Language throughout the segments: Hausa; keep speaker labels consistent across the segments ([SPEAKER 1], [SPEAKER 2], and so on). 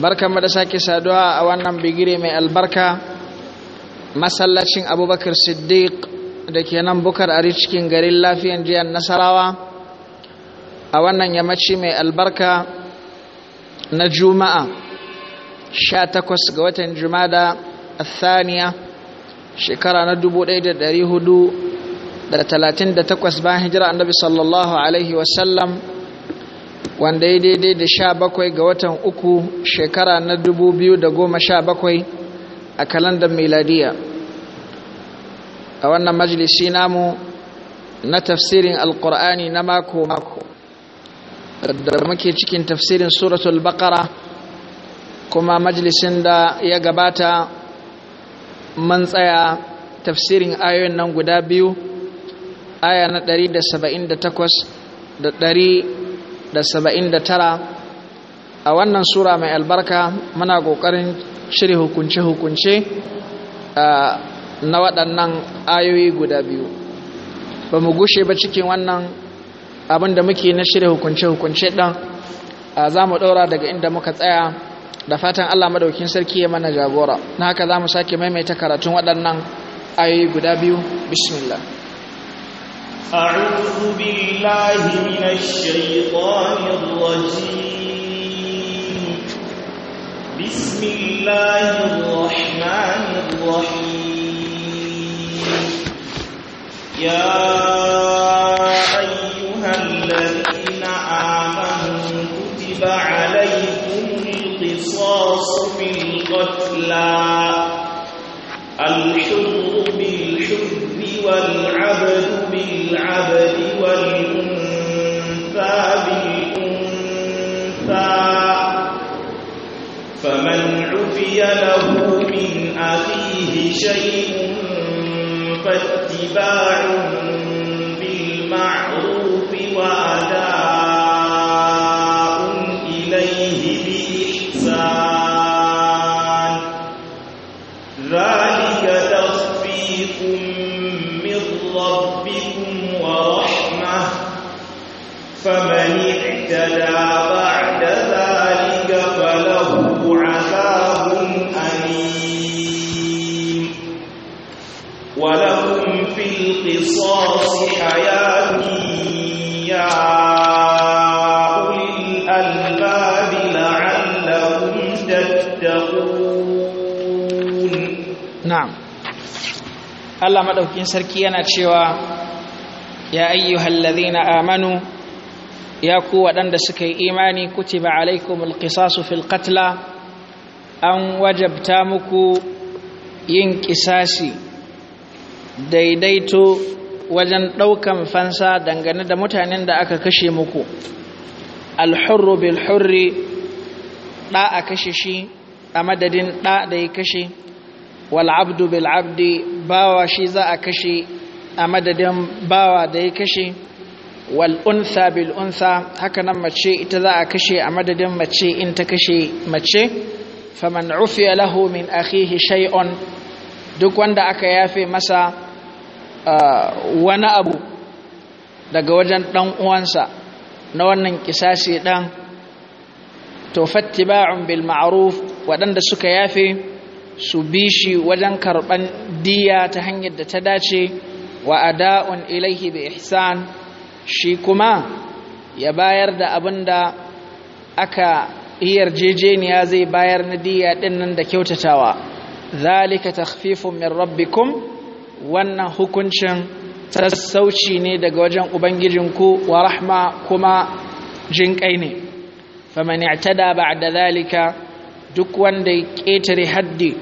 [SPEAKER 1] Barka mu da sake saduwa a wannan bigire mai albarka masallacin abubakar siddiq da ke nan bukar ari cikin garin lafiyan jiyan nasarawa a wannan yammaci mai albarka na juma'a 18 ga watan jumada athaniya shekara na 1438 bayan hijira annabi sallallahu alaihi wasallam wanda ya daidai da sha bakwai ga watan uku shekara na dubu biyu da goma sha bakwai a kalandar miladiya a wannan majalisi namu na tafsirin alkur'ani na mako-mako da muke cikin tafsirin suratul bakara kuma majalisin da ya gabata man tsaya tafsirin ayoyin nan guda biyu aya na 178 da da saba'in da tara a wannan sura mai albarka muna ƙoƙarin shirya hukunce-hukunce na waɗannan ayoyi guda biyu ba mu gushe ba cikin wannan abin da muke na shirya hukunce-hukunce ɗan za mu ɗaura daga inda muka tsaya da fatan allah madaukin sarki ya mana jagora na haka za mu sake maimaita karatun waɗannan ayoyi guda biyu bismillah
[SPEAKER 2] أعوذ بالله من الشيطان الرجيم بسم الله الرحمن الرحيم يا أيها الذين آمنوا كتب عليكم القصاص بالقتلى الحر والعبد بالعبد والأنثى بالأنثى فمن عفي له من أخيه شيء فاتباع اهتدى بعد ذلك فله عذاب أليم ولكم في القصاص حياة يا أولي الألباب لعلكم تتقون
[SPEAKER 1] نعم الله مدوكين سركي أنا تشوى يا أيها الذين آمنوا ya ku waɗanda suka yi imani kutiba alaikum alqisasu fil qatla an wajabta muku yin kisasi daidaito wajen ɗaukan fansa dangane da mutanen da aka kashe muku alhurru bilhurri hurri ɗa a kashe shi a madadin ɗa da ya kashe wal abdu bawa shi za a kashe a madadin bawa da ya kashe wal unsa bil unsa haka nan mace ita za a kashe a madadin mace in ta kashe mace faman ufiya lahu min akhihi shay'un duk wanda aka yafe masa ah, wani abu daga wajen dan uwansa na wannan kisasi dan to fattiba'un bil ma'ruf waɗanda suka yafe su bi shi wajen karɓan diya ta hanyar da ta dace wa ada'un ilaihi bi ihsan shi kuma ya bayar da abin da aka yarjejeniya zai bayar na diya dinnan da kyautatawa zalika takhfifun min rabbikum wannan hukuncin sassauci ne daga wajen ubangijinku wa rahma kuma jinƙai ne faman i'tada ba'da zalika duk wanda ya ƙetare haddi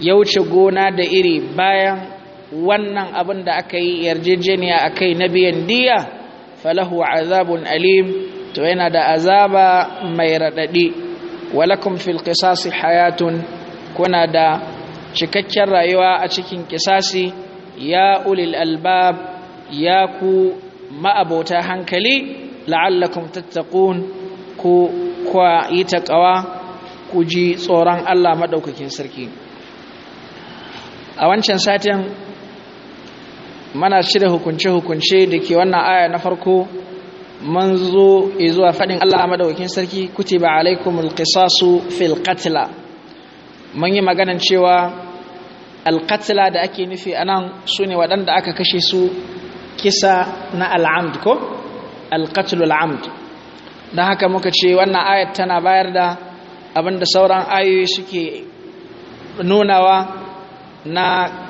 [SPEAKER 1] ya wuce gona da iri bayan wannan abin da aka yi yarjejeniya akai na biyan diya falahu azabun alim to yana da azaba mai radadi walakum fil ƙisasi hayatun kuna da cikakken rayuwa a cikin kisasi ya ulil albab ya ku ma'abota hankali la'allakum tattaqun ku kwa yi taqawa ku ji tsoron Allah maɗaukakin sarki a wancan satin mana shirya hukunce-hukunce da ke wannan aya na farko man zo zuwa faɗin Allah a madawakin sarki kuti ba alaikum alƙisasu fil katila mun yi maganan cewa alƙatila da ake nufi a nan su ne waɗanda aka kashe su kisa na al'amd ko alƙatilu amd don haka muka ce wannan ayat tana bayar da abinda sauran ayoyi suke nunawa na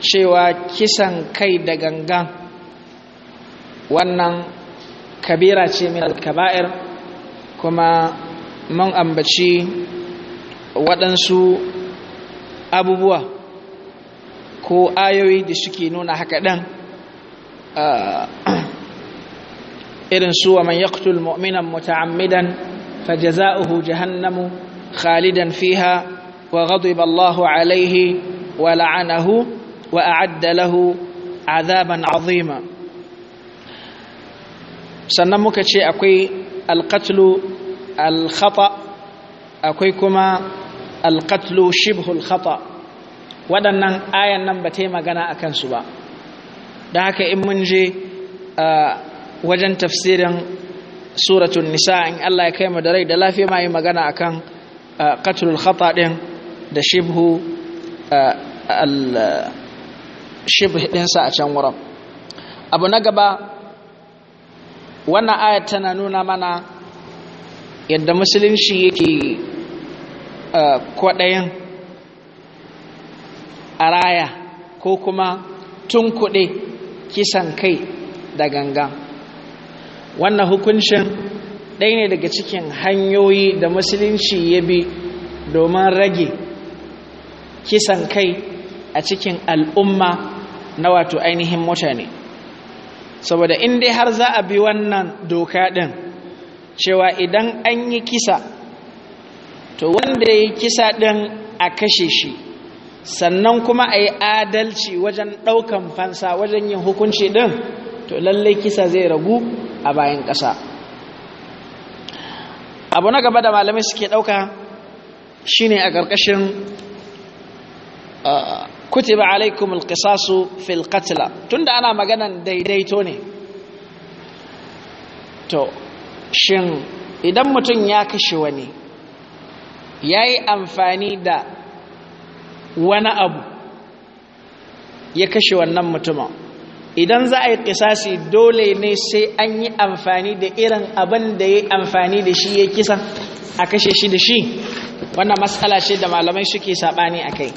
[SPEAKER 1] cewa kisan kai da gangan wannan kabira ce min alkaba'ir kuma mun ambaci waɗansu abubuwa ko ayoyi da suke nuna haka ɗan ah, irin su wa man yaqtul mu'minan muta'ammidan fajaza'uhu jahannamu khalidan fiha wa ghadiba Allahu alaihi wa la'anahu وأعد له عذابا عظيما sannan muka ce akwai alƙatlu alkhata akwai kuma alƙatlu shibhul khata waɗannan ayan nan ba ta yi magana a kansu ba da haka in mun je wajen tafsirin suratun nisa in Allah ya kai mu da rai da lafiya ma yi magana a kan ƙatlul khata ɗin da shibhu shibh ɗinsa a can wurin abu na gaba wannan ayat tana nuna mana yadda musulunci yake uh, kwaɗayin a raya ko kuma tun kuɗe kisan kai da gangan wannan hukuncin ɗaya ne daga cikin hanyoyi da musulunci ya bi domin rage kisan kai a cikin al'umma na wato ainihin mutane saboda in dai har za a bi wannan doka ɗin cewa idan an yi kisa to wanda ya yi kisa ɗin a kashe shi sannan kuma a yi adalci wajen ɗaukan fansa wajen yin hukunci ɗin to lallai kisa zai ragu a bayan ƙasa abu na gaba da malamai suke ɗauka shine a ƙarƙashin kutiba alaikum alqisasu fil qatla tunda ana maganan daidaito ne to shin idan mutum ya kashe wani ya amfani da wani abu ya kashe wannan mutumin idan za a yi kisasi dole ne sai an yi amfani da irin abin da ya amfani da shi ya kisa a kashe shi da shi wannan matsala ce da malamai suke saɓani a kai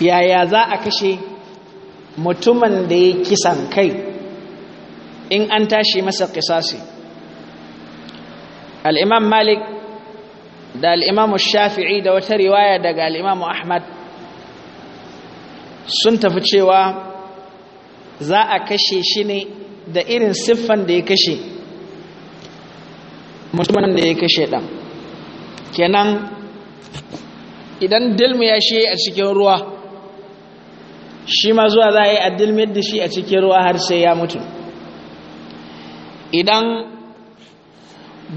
[SPEAKER 1] yaya za a kashe mutumin da ya kisan kai in an tashi masa kisasi al'imam malik da al'imamu shafi'i da wata riwaya daga al'imamu ahmad sun tafi cewa za a kashe shi ne da irin siffan da ya kashe mutumin da ya kashe ɗan kenan idan dilmu ya shi a cikin ruwa shi ma zuwa za a yi addilmiyar da shi a cikin ruwa har sai ya mutu idan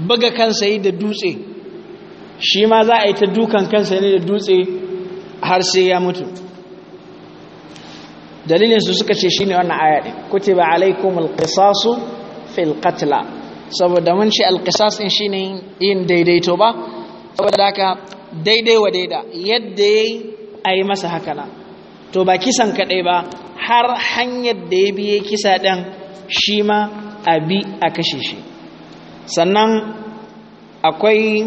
[SPEAKER 1] buga kansa yi da dutse shi ma za a yi ta dukan kansa ne da dutse har sai ya mutu dalilinsu suka ce shi ne wannan ayaɗin ba alaikum alƙisasu fil qatla saboda mun ce alƙisas ɗin shi ne yin daidaito ba saboda haka daidai wa daida yadda ya yi yi masa haka na to ba kisan kaɗai ba har hanyar da ya biye kisa ɗin shi ma a bi a kashe shi sannan akwai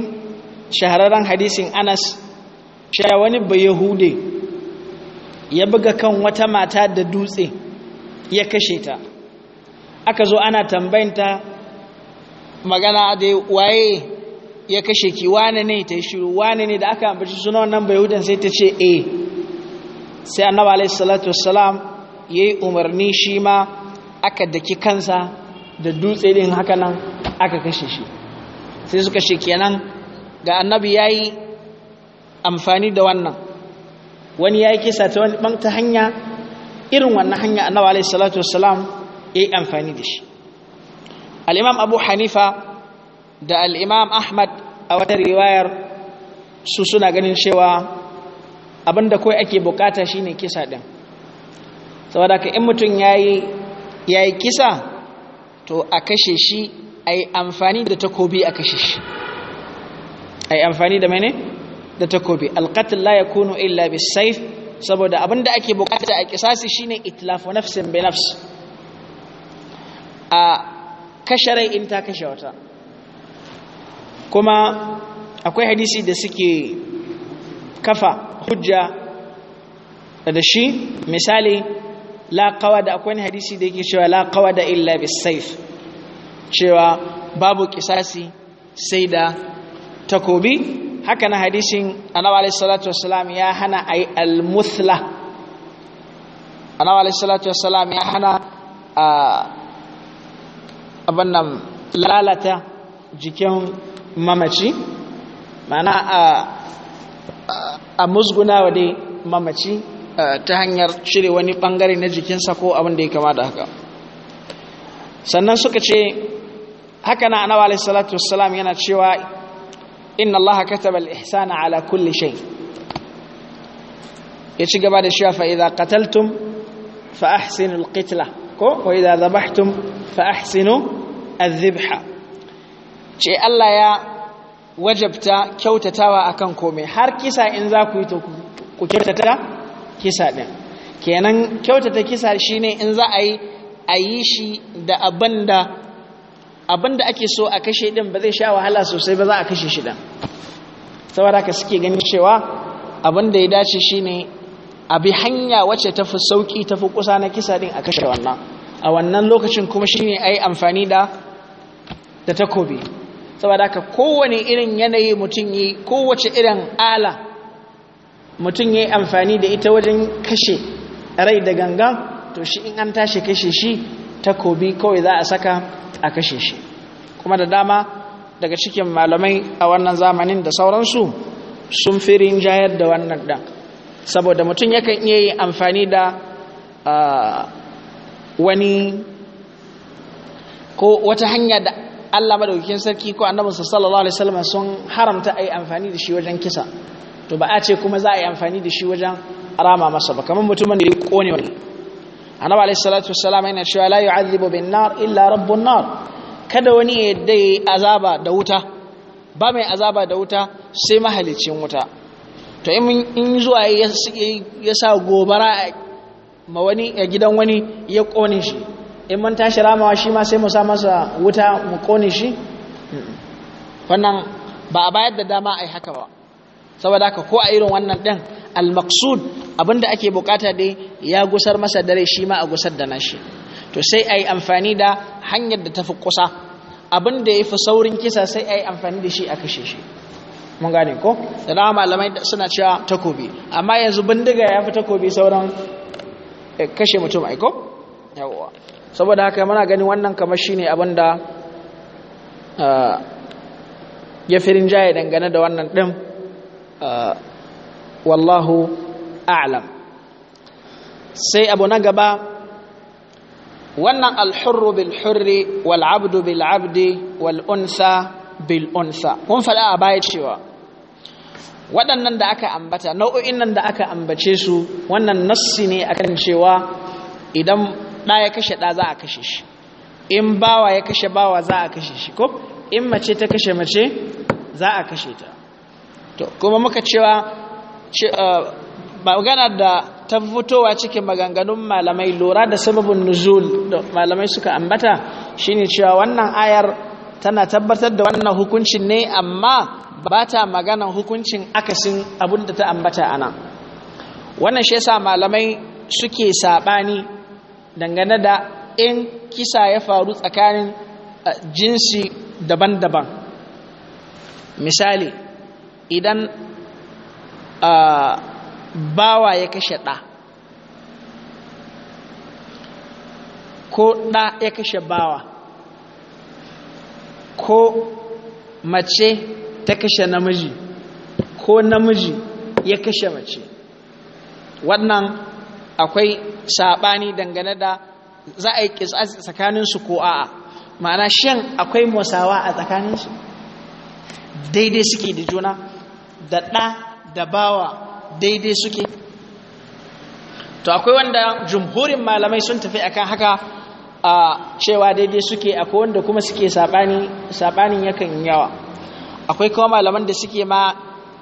[SPEAKER 1] shahararren hadisin anas cewa wani bayahude ya buga kan wata mata da dutse ya kashe ta aka zo ana tambayinta magana da waye ya kashe ki wane ne ta yi shiru wane ne da aka ambaci suna wannan bayahudan sai ta ce eh sai annaba alaihi salatu wassalam yayi umarni shi ma aka daki kansa da dutse din haka nan aka kashe shi sai suka she kenan ga annabi yayi amfani da wannan wani yayi kisa ta wani ta hanya irin wannan hanya annaba alaihi salatu wassalam yayi amfani da shi al-imam abu hanifa da al-imam ahmad a wata riwayar su suna ganin cewa abinda kawai ake bukata shine kisa din saboda ka in mutum yayi yayi kisa to a kashe shi ai amfani da takobi a kashe shi ai amfani da mene da takobi alqatl la yakunu illa bisayf saboda abinda ake bukata a kisasi shine itlafu nafsin bi nafs a kashe rai in ta kashe wata kuma akwai hadisi da suke kafa hujja da shi misali la da akwai wani hadisi da yake cewa la da illa bisaif cewa babu kisasi sai da takobi haka na hadisin anawa alayhi salatu wassalam ya hana ay almuthla anawa alayhi salatu wassalam ya hana abin nan lalata jikin mamaci mana a a musgunawa dai mamaci eh, ta hanyar cire wani bangare na jikinsa ko abin da ya kama da haka sannan suka ce haka na anawa alaihissalatu wassalam yana cewa inna Allah kataba al-ihsana ala kulli shay ya ci gaba da cewa fa idza qataltum fa ahsinu al-qitla ko wa idza dhabhtum fa ce Allah ya wajabta kyautatawa akan komai har kisa in za ku yi to ku kyautata kisa ɗin? kenan kyautata kisa shi ne in za a yi a yi shi da abin da ake so a kashe ɗin ba zai sha wahala sosai ba za a kashe shi ɗin saboda ka suke ganin cewa abin da ya dace shi ne a bi hanya wacce ta fi sauki ta fi kusa na kisa ɗin a kashe wannan a wannan lokacin kuma shi ne a yi amfani da takobi saboda haka kowane irin yanayi mutum yi kowace irin ala mutum yi amfani da ita wajen kashe rai da ganga to shi in an tashi kashe shi ta kobi kawai za a saka a kashe shi kuma da dama daga cikin malamai a wannan zamanin da sauransu sun firin jayar da wannan dan saboda mutum yakan iya yi amfani da ah, wani ko wata hanya da Allah madaukakin sarki ko annabi sallallahu alaihi wasallam sun haramta ai amfani da shi wajen kisa to ba a ce kuma za a yi amfani da shi wajen rama masa ba kamar mutumin da ya kone wani annabi alaihi salatu wassalam yana cewa la yu'adhibu bin nar illa rabbun nar kada wani ya dai azaba da wuta ba mai azaba da wuta sai mahalicin wuta to in zuwa ya sa gobara ma wani a gidan wani ya kone shi in mun tashi ramawa shi ma sai mu sa masa wuta mu kone shi wannan ba a bayar da dama a yi haka ba saboda haka ko a irin wannan ɗin al-maqsud abinda ake bukata dai ya gusar masa dare shi ma a gusar da nashi to sai a yi amfani da hanyar da ta fi kusa abin da ya fi saurin kisa sai a yi amfani da shi a kashe shi mun gane ko da dama malamai suna cewa takobi amma yanzu bindiga ya fi takobi sauran eh, kashe mutum aiko yawwa saboda haka muna gani wannan kamar ne abin da uh, ya firin jaye dangane da wannan ɗin uh, wallahu a'lam sai abu na gaba wannan alhurru bilhurri hurri wal abdu bil abdi wal unsa bil kun faɗa a baya cewa waɗannan da aka ambata nau'o'in nan da aka ambace su wannan nassi ne akan cewa idan ɗa ya kashe ɗa za a kashe shi in bawa ya kashe bawa za a kashe shi ko in mace ta kashe mace za a kashe ta to kuma muka cewa uh, magana da ta fitowa cikin maganganun malamai lura da sababin nuzul da malamai suka ambata shine cewa wannan ayar tana tabbatar da wannan hukuncin ne amma ba ta maganan hukuncin akasin abinda ta ambata ana wannan shi yasa malamai suke saɓani. dangane da in kisa ya faru tsakanin eh, jinsi daban-daban misali idan eh, bawa ya kashe ɗa ko ɗa ya kashe bawa ko mace ta kashe namiji ko namiji ya kashe mace wannan akwai saɓani dangane da za a yi tsakaninsu ko a'a ma'ana shan akwai musawa a tsakaninsu daidai suke da juna da ɗa da bawa daidai suke to akwai wanda jumhurin malamai sun tafi akan haka a cewa daidai suke akwai wanda kuma suke saɓanin yakan yawa akwai kuma malaman da suke ma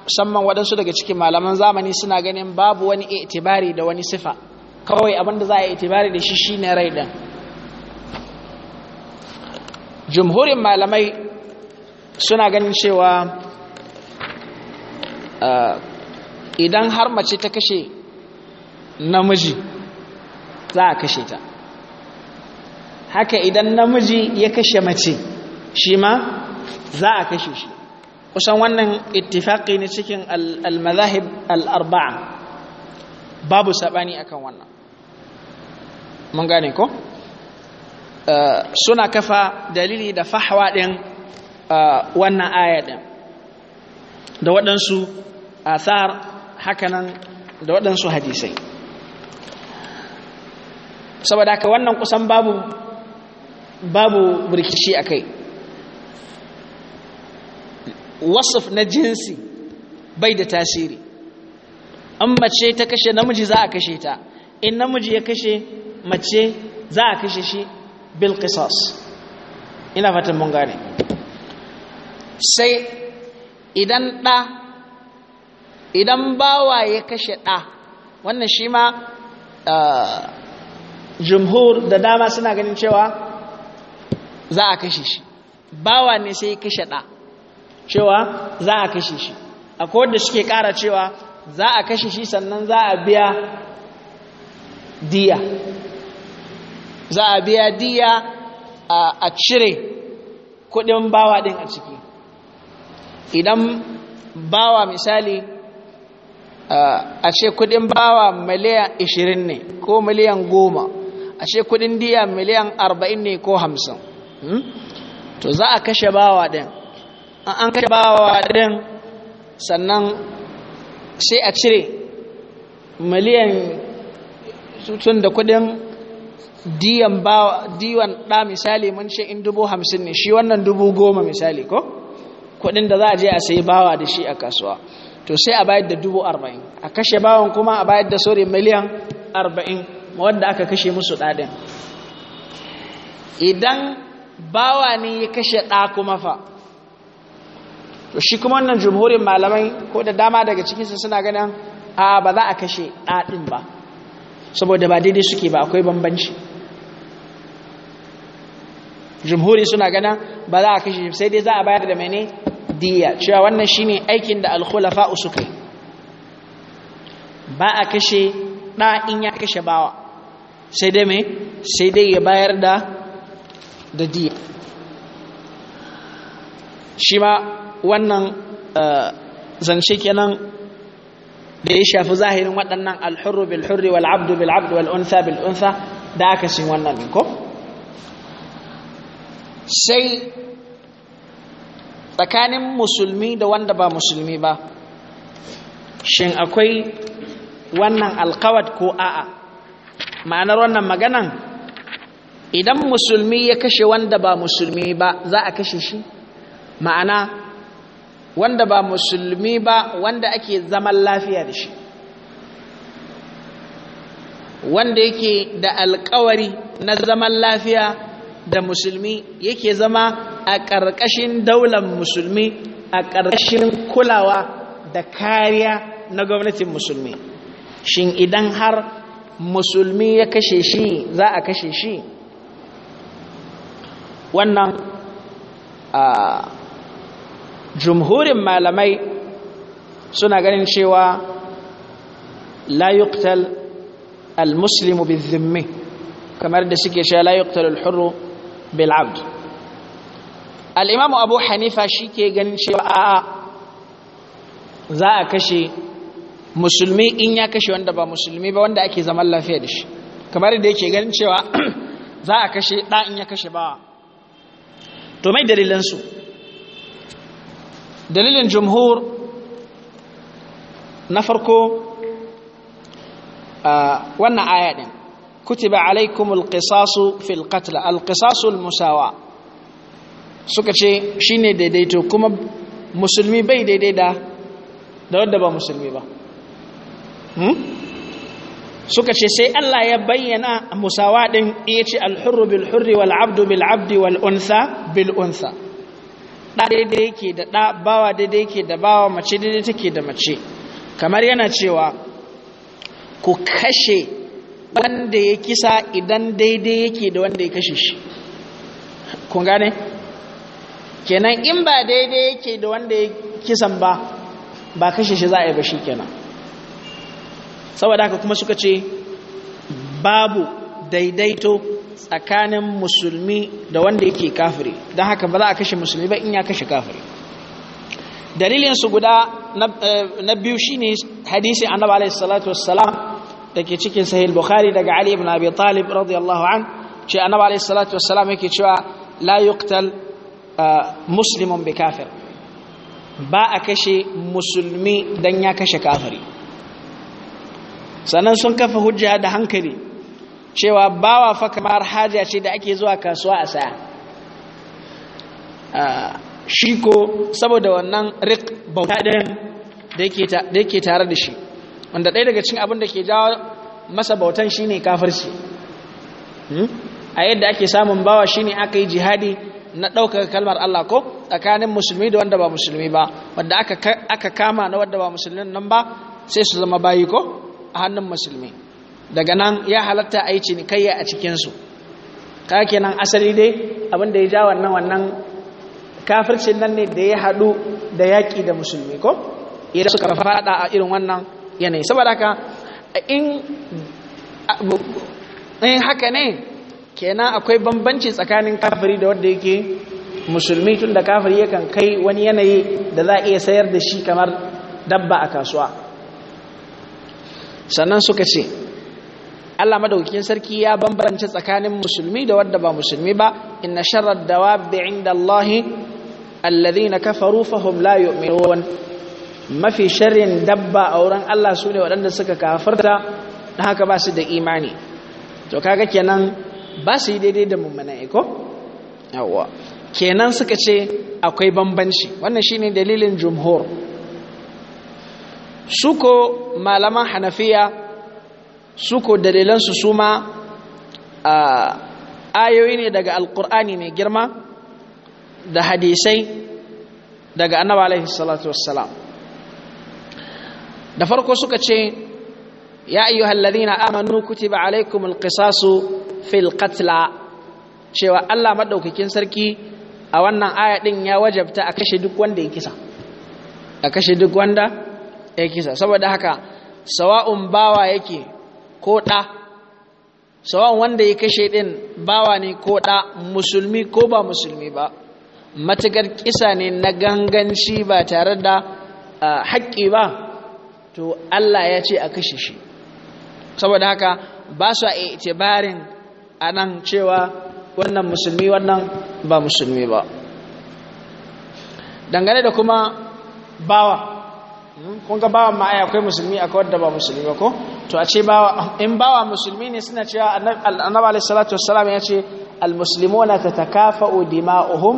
[SPEAKER 1] musamman waɗansu daga cikin malaman zamani suna ganin babu wani itibari da wani sifa kawai abinda za a yi itibari da shi shi ne rai ɗin jumhurin malamai suna ganin cewa uh, idan har mace ta kashe namiji za a kashe ta haka idan namiji ya kashe mace shi ma za a kashe shi kusan wannan ittifaqi ne cikin al-mazahib al-arba'a babu saɓani akan wannan mun gane ko eh, suna kafa dalili da fahwa ɗin eh, wannan aya ɗin da waɗansu athar hakanan da waɗansu hadisai saboda haka wannan kusan babu babu burkishi a kai wasuf na jinsi bai da tasiri in mace ta kashe namiji za a kashe ta in namiji ya kashe mace za a kashe shi bil qisas ina fatan mun gane sai idan ɗa idan bawa ya kashe ɗa wannan shi ma jumhur da dama suna ganin cewa za a kashe shi bawa ne sai ya kashe ɗa cewa za a kashe shi akwai wanda suke ƙara cewa za a kashe shi sannan za a biya diya za a biya diya a cire kudin bawa din a ciki idan bawa misali a ce kudin bawa miliyan 20 ne ko miliyan 10 a ce kudin diya miliyan 40 ne ko 50 hmm? to za a kashe bawa din an kashe bawa din sannan sai a cire miliyan sutun da kudin diyan diwan ɗa misali mun ce in dubu hamsin ne shi wannan dubu goma misali ko kudin da za a je a sai bawa da shi a kasuwa to sai a bayar da dubu arba'in a kashe bawan kuma a bayar da sori miliyan arba'in wadda aka kashe musu ɗaɗin idan bawa ne ya kashe ɗa kuma fa to shi kuma wannan jumhurin malamai ko da dama daga cikinsu suna ganin a ba za a kashe a ɗin ba saboda ba daidai suke ba akwai bambanci jumhuri suna ganin ba za a kashe sai dai za a bayar da mene diya cewa wannan shine aikin da alkhulafa suka ba a kashe ɗa in ya kashe bawa sai dai mai sai dai ya bayar da da diya shi ma wannan eh, zance kenan da ya shafi zahirin waɗannan alhurru bil hurri wal abdu bil abdu wal unsa bil unsa da aka cin wannan din ko sai tsakanin musulmi da wanda ba musulmi ba shin akwai wannan alkawad ko a'a ma'anar wannan maganan idan musulmi ya kashe wanda ba musulmi ba za a kashe shi ma'ana wanda ba musulmi ba wanda ake zaman lafiya da shi wanda yake da alkawari na zaman lafiya da musulmi yake zama a ƙarƙashin daular musulmi a ƙarƙashin kulawa da kariya na gwamnatin musulmi shin idan har musulmi ya kashe shi za a kashe shi wannan ah, jumhurin malamai suna ganin cewa la yuqtal al-muslimu bizimmi kamar da suke cewa la yuqtal al-hurru bil abd al-imamu abu hanifa ke ganin cewa a za a kashe musulmi in ya kashe wanda ba musulmi ba wanda ake zaman lafiya da shi kamar da yake ganin cewa za a kashe ɗa in ya kashe ba to mai dalilansu dalilin jumhur na farko wannan aya din kutiba alaikum alqisasu fil qatl alqisasu almusawa suka ce shine daidaito kuma musulmi bai daidai da da wanda ba musulmi ba hmm? suka ce sai Allah ya bayyana musawa din yace alhurru bil hurri wal abdu bil abdi wal untha bil untha ɗa daidai yake da ɗa bawa daidai yake da bawa mace daidai take da mace kamar yana cewa ku kashe wanda ya kisa idan daidai yake da wanda ya kashe shi kun gane kenan in ba daidai yake da wanda ya kisan ba ba kashe shi za a yi ba shi kenan saboda haka kuma suka ce babu daidaito tsakanin musulmi da wanda yake kafiri don haka ba za a kashe musulmi ba in ya kashe kafiri dalilinsu guda eh, na biyu shine hadisi annabi alaihi salatu wassalam da ke cikin sahih bukhari daga ali ibn abi talib radiyallahu an ce annabi alaihi salatu wassalam yake cewa la yuqtal eh, muslimun bi kafir ba a kashe musulmi dan ya kashe kafiri sannan sun kafa hujja da hankali cewa bawa fa kamar haja ce da ake zuwa kasuwa a saya ah, shi ko saboda wannan rik bauta ɗayan da yake tare da shi wanda ɗaya daga cikin abin da ke jawo masa bautan shi ne kafirci hmm? a yadda ake samun bawa shine aka yi jihadi na ɗaukar kalmar Allah ko tsakanin musulmi da wanda ba musulmi ba wanda aka kama na wanda ba musulmi nan ba sai su zama bayi ko a hannun musulmi daga nan ya halatta a yi cinikayya a cikinsu ke nan asali dai abinda ya ja wannan wannan kafircin nan ne da ya haɗu da yaƙi da musulmi ko idan suka faɗa a irin wannan yanayi saboda haka in haka ne kenan akwai bambanci tsakanin kafiri da wanda yake musulmi tun da kafiri yakan kai wani yanayi da za a iya sayar da shi kamar dabba a kasuwa sannan suka ce Allah madaukakin sarki ya bambance tsakanin musulmi da wanda ba musulmi ba inna sharrad dawabi inda Allah alladhina kafaru fahum la yu'minun mafi sharrin dabba a wurin Allah sune wadanda suka kafarta dan haka ba su da imani to kaga kenan ba su daidai da mummunai ko yawa kenan suka ce akwai bambanci wannan shine dalilin jumhur suko malaman hanafiya su ko dalilansu su ma ayoyi ne daga alkur'ani mai girma da hadisai daga annaba alaihi salatu wassalam da farko suka ce ya ayyuhal ladina amanu kutiba alaikum alqisasu fil qatla cewa Allah madaukakin sarki a wannan aya din ya wajabta a kashe duk wanda ya kisa a kashe duk wanda ya kisa saboda haka sawa'un bawa yake ko ɗa sawan wanda ya kashe ɗin bawa ne ko ɗa musulmi ko ba musulmi ba matuƙar kisa ne na ganganci ba tare da haƙƙi ba to Allah ya ce a kashe shi saboda haka ba su a itibarin a nan cewa wannan musulmi wannan ba musulmi ba dangane da kuma bawa kun ga bawan ma ai akwai musulmi akwai da ba musulmi ba ko to a ce bawa in bawa musulmi ne suna cewa annabi alayhi salatu wassalam ya ce almuslimuna tatakafa'u dima'uhum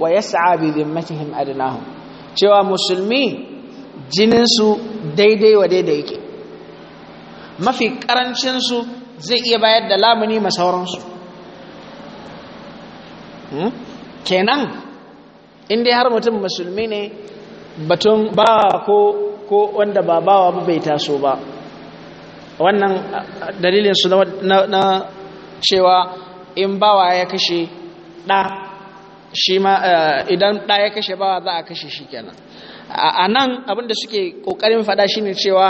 [SPEAKER 1] wa yas'a bi dhimmatihim adnahum cewa musulmi jininsu daidai wa daidai yake mafi karancin zai iya bayar da lamuni ma sauransu hmm? kenan in dai har mutum musulmi ne batun ba ko ko wanda ba bawa ba bai taso ba wannan dalilin su na cewa in bawa ya kashe ɗa shi ma idan ɗa ya kashe bawa za a kashe shi kenan a nan abinda suke ƙoƙarin faɗa shine cewa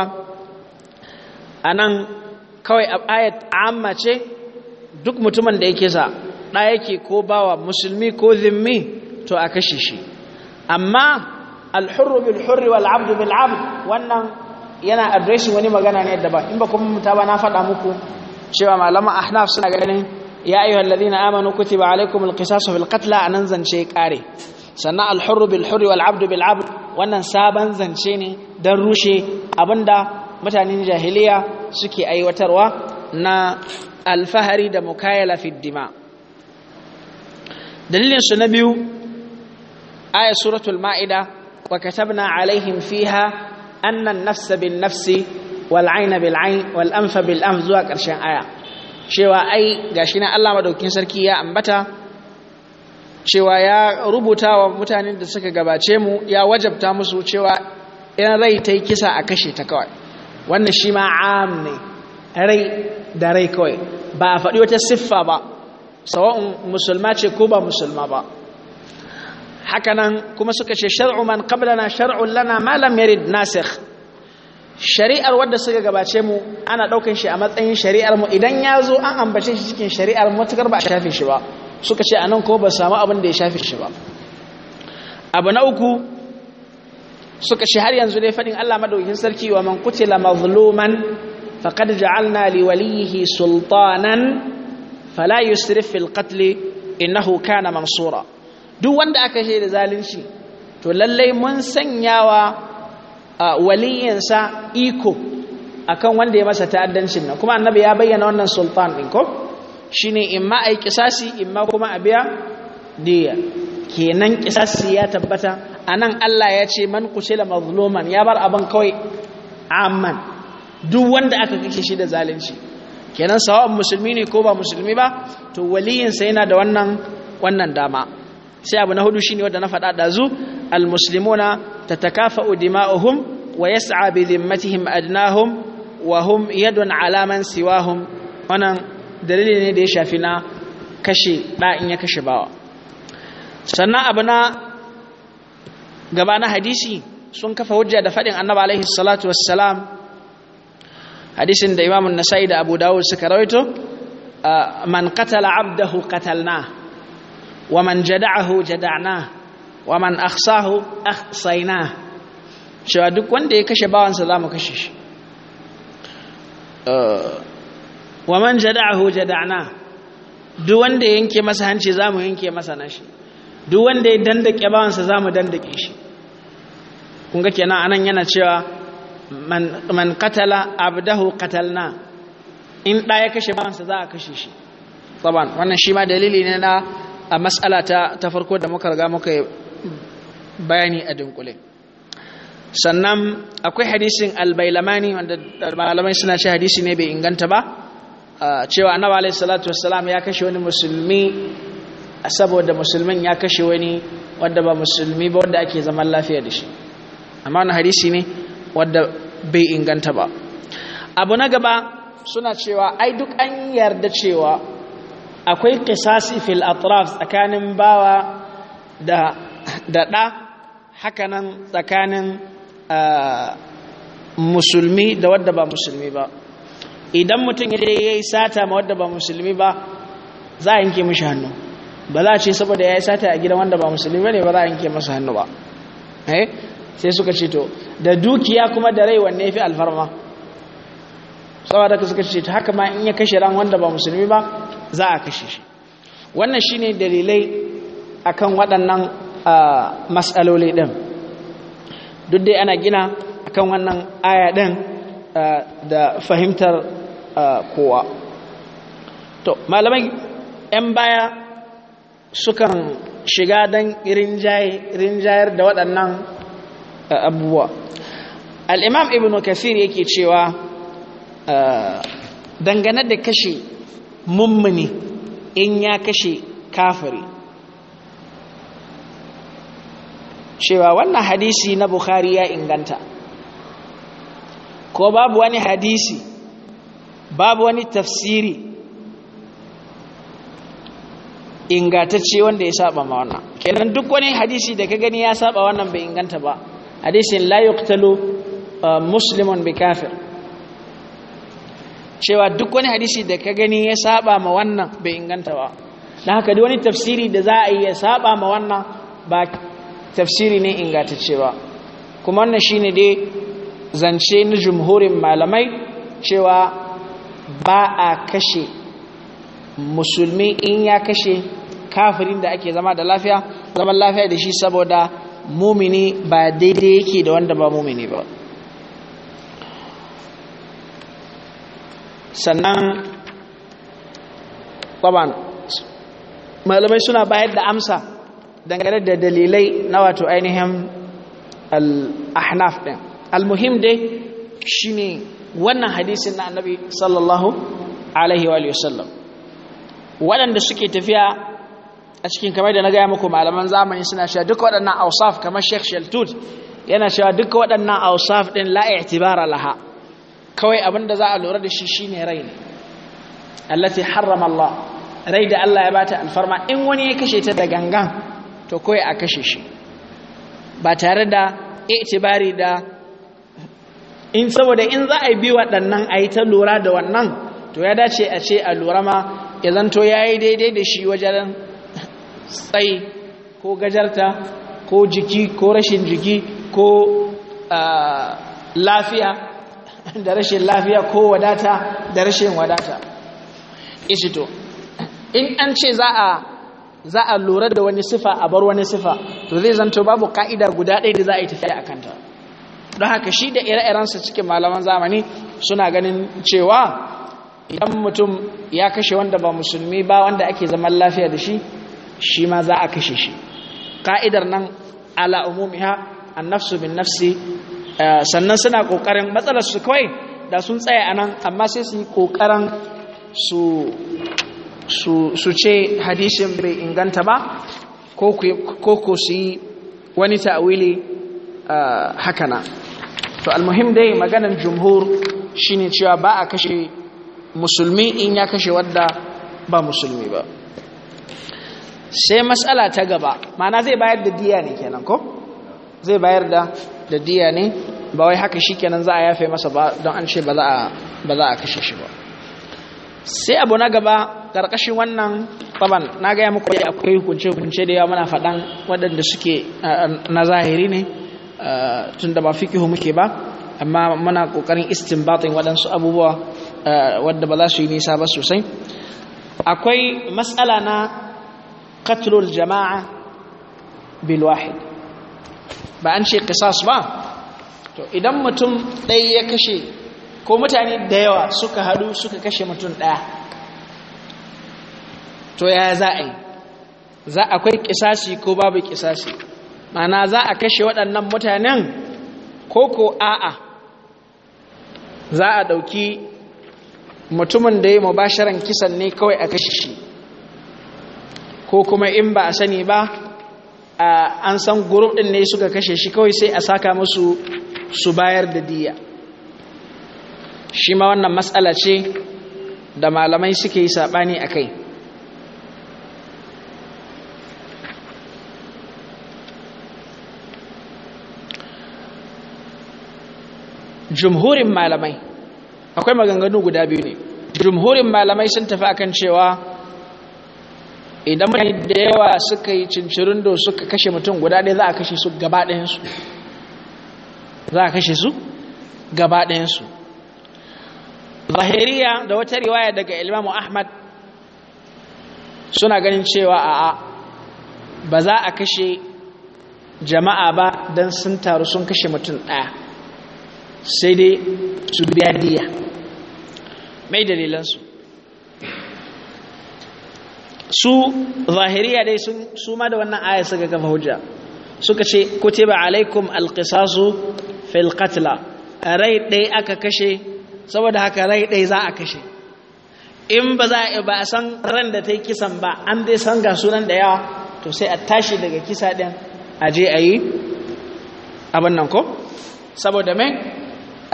[SPEAKER 1] a nan kawai ayat amma ce duk mutumin da yake sa ɗa yake ko bawa musulmi ko zimmi to a kashe shi amma alhurru bil hurri wal abdu bil abd wannan yana addressing wani magana ne daban in ba kuma muta ba na faɗa muku cewa malama ahnaf suna ganin ya ayyuha alladhina amanu kutiba ba alaikum fil qatl anan zance kare sannan alhurru bil hurri wal abdu bil abd wannan saban zance ne dan rushe abinda mutanen jahiliya suke aiwatarwa na alfahari da mukayala fi dima dalilin su na biyu aya suratul ma'ida wa katabna alaihim fiha annan nafsa bin nafsi wal aina zuwa ƙarshen aya cewa ai gashi na Allah madaukin sarki ya ambata cewa ya rubuta wa mutanen da suka gabace mu ya wajabta musu cewa yan rai ta yi kisa a kashe ta kawai wannan shi ma am ne rai da rai kawai ba a faɗi wata siffa ba sawa'un musulma ce ko ba musulma ba hakanan kuma suka ce shar'u man qablana shar'un lana ma lam yarid nasikh shari'ar wadda suka gabace mu ana daukan shi a matsayin shari'ar mu idan ya zo an ambace shi cikin shari'ar matukar ba a shafe shi ba suka ce anan ko ba samu abin da ya shafe shi ba abu na uku suka ce har yanzu dai fadin Allah madaukakin sarki wa man qutila mazluman faqad ja'alna li waliyhi sultanan fala yusrif fil qatl innahu kana mansura duk wanda aka da zalunci to lallai mun sanyawa waliyinsa iko akan wanda ya masa ta'addancin nan kuma annabi ya bayyana wannan sultan din ko shine imma ai kisasi imma kuma a diya kenan kisasi ya tabbata anan Allah ya ce man kusila mazluman ya bar abin kawai amman duk wanda aka kike shi da zalunci kenan sawa musulmi ne ko ba musulmi ba to waliyinsa yana da wannan wannan dama sai abu na hudu shine wanda na faɗa dazu almuslimuna tatakafa'u dima'uhum wa yas'a bi dhimmatihim adnahum wa hum yadun ala man siwahum wannan dalili ne da ya shafi na kashe da in ya kashe bawa sannan abu na gaba na hadisi sun kafa hujja da faɗin annabi alaihi salatu wassalam hadisin da imamun nasa'i da abu dawud suka rawaito ah, man qatala abdahu qatalna waman jada'ahu jada'na waman akhsahu akhsayna cewa duk wanda ya kashe bawansa zamu kashe shi waman jada'ahu jada'na duk wanda ya yanke masa hanci zamu yanke masa nashi duk wanda ya dandake bawansa zamu dandake shi kun ga kenan anan yana cewa man qatala abdahu qatalna in da ya kashe bawansa za a kashe shi saban wannan shi ma dalili ne na a matsala ta ta farko da muka riga muka bayani a dunkule sannan akwai hadisin albailamani wanda malamai suna ce hadisi ne bai inganta ba cewa annabi alayhi salatu wassalam ya kashe wani musulmi saboda musulmin ya kashe wani wanda ba musulmi ba wanda ake zaman lafiya da shi amma wani hadisi ne wanda bai inganta ba abu na gaba suna cewa ai duk an yarda cewa akwai kisasi fil atraf tsakanin bawa da ɗa hakanan tsakanin musulmi da wadda ba musulmi ba idan mutum ya yi sata ma wadda ba musulmi ba za a yanke mashi hannu ba za a ce saboda ya yi sata a gidan wanda ba musulmi ba ne ba za a yanke masa hannu ba eh? sai suka ce to da dukiya kuma da rai wanne fi alfarma saboda suka ce haka ma in ya kashe ran wanda ba musulmi ba za a kashe shi wannan shine dalilai akan waɗannan matsaloli ɗin duk dai ana gina akan wannan aya ɗin da fahimtar kowa to malamai 'yan baya sukan shiga don rinjayar da waɗannan abubuwa al'imam ibn kasir yake cewa dangane da kashe mummuni in ya kashe kafiri cewa wannan hadisi na bukhari ya inganta ko babu wani hadisi babu wani tafsiri ingatacce wanda ya saba ma wannan kenan duk wani hadisi da ka gani ya saba wannan bai inganta ba hadisin la yuqtalu uh, muslimun bi kafir cewa duk wani hadisi da ka gani ya saba ma wannan bai inganta ba don haka wani tafsiri da za a yi ya saba ma wannan ba tafsiri ne ingantacce ba kuma wannan shine dai zance na jumhurin malamai cewa ba a kashe musulmi in ya kashe kafirin da ake zama da lafiya zaman lafiya da shi saboda mumini ba daidai yake da wanda ba mumini ba sannan kwaban malamai suna bayar da amsa dangane da dalilai na wato ainihin al-ahnaf ɗin al-muhim dai shi ne wannan hadisin na annabi sallallahu alaihi wa sallam waɗanda suke tafiya a cikin kamar da na gaya muku malaman zamani suna cewa duka waɗannan ausaf kamar sheikh sheltud yana cewa duka waɗannan ausaf ɗin la i'tibara laha kawai abin da za a lura da shi shine rai ne allati harrama Allah rai da Allah ya bata alfarma in wani ya kashe ta da gangan to kawai a kashe shi ba tare da itibari da in saboda in za a bi waɗannan a yi ta lura da wannan to ya dace a ce a lura ma ya zanto ya yi daidai da shi wajen sai ko gajarta ko jiki ko rashin jiki ko ah, lafiya da rashin lafiya ko wadata da rashin wadata ishito in an ce za a za a lura da wani sifa a bar wani sifa to zai zanto babu ka'ida guda ɗaya da za a yi tafiya a kanta don haka shi da ire-irensa cikin malaman zamani suna ganin cewa idan mutum ya kashe wanda ba musulmi ba wanda ake zaman lafiya da shi shi ma za a kashe shi ka'idar nan ala umumiya annafsu bin nafsi Eh, sannan suna ƙoƙarin matsalar su kawai da sun tsaya a nan amma sai su yi ƙoƙarin su ce hadishin bai inganta ba ko ko su yi wani ta'awili eh, hakana to almuhim dai maganan jumhur shine cewa ba a kashe musulmi in ya kashe wadda ba musulmi ba sai matsala ta gaba mana zai bayar da diya ne kenan ko zai bayar da da diya ne ba wai haka kenan za a yafe masa ba don an ce ba za a kashe shi ba sai abu na gaba ƙarƙashin wannan ƙaban na gaya muku ya akwai hukunce hukunce da yawa muna faɗan waɗanda suke na zahiri ne tun da ba fikihu muke ba amma muna ƙoƙarin istinbatin waɗansu abubuwa wadda ba za su yi nisa ba sosai akwai matsala na katlul jama'a bil wahid ba an ce kisas ba to idan mutum ɗaya ya kashe ko mutane da yawa suka haɗu suka kashe mutum ɗaya to ya za a yi za akwai kisasi ko babu kisasi mana za a kashe waɗannan mutanen ko ko a'a za a ɗauki mutumin da ya mubasharan kisan ne kawai a kashe shi ko kuma in ba a sani ba an san gurub din ne suka kashe shi kawai sai a saka musu su bayar da diya shi ma wannan matsala ce da malamai suke yi saɓani a kai jumhurin malamai akwai maganganu guda biyu ne jumhurin malamai sun tafi akan cewa idan mutane da yawa suka yi cincirin da suka kashe mutum guda ɗaya za a kashe su gaba ɗayansu za a kashe su gaba ɗayansu zahiriya da wata riwaya daga ilmamu ahmad suna ganin cewa a'a ba za a kashe jama'a ba don sun taru sun kashe mutum ɗaya sai dai su biya diya mai dalilansu su zahiriya dai su ma da wannan ayar suka kafa hujja suka ce kutiba alaikum alqisasu fil qatla rai dai aka kashe saboda haka rai dai za a kashe in ba za a ba san ran da ta yi kisan ba an dai san ga sunan da yawa to sai a tashi daga kisa din a je a yi abin nan ko saboda mai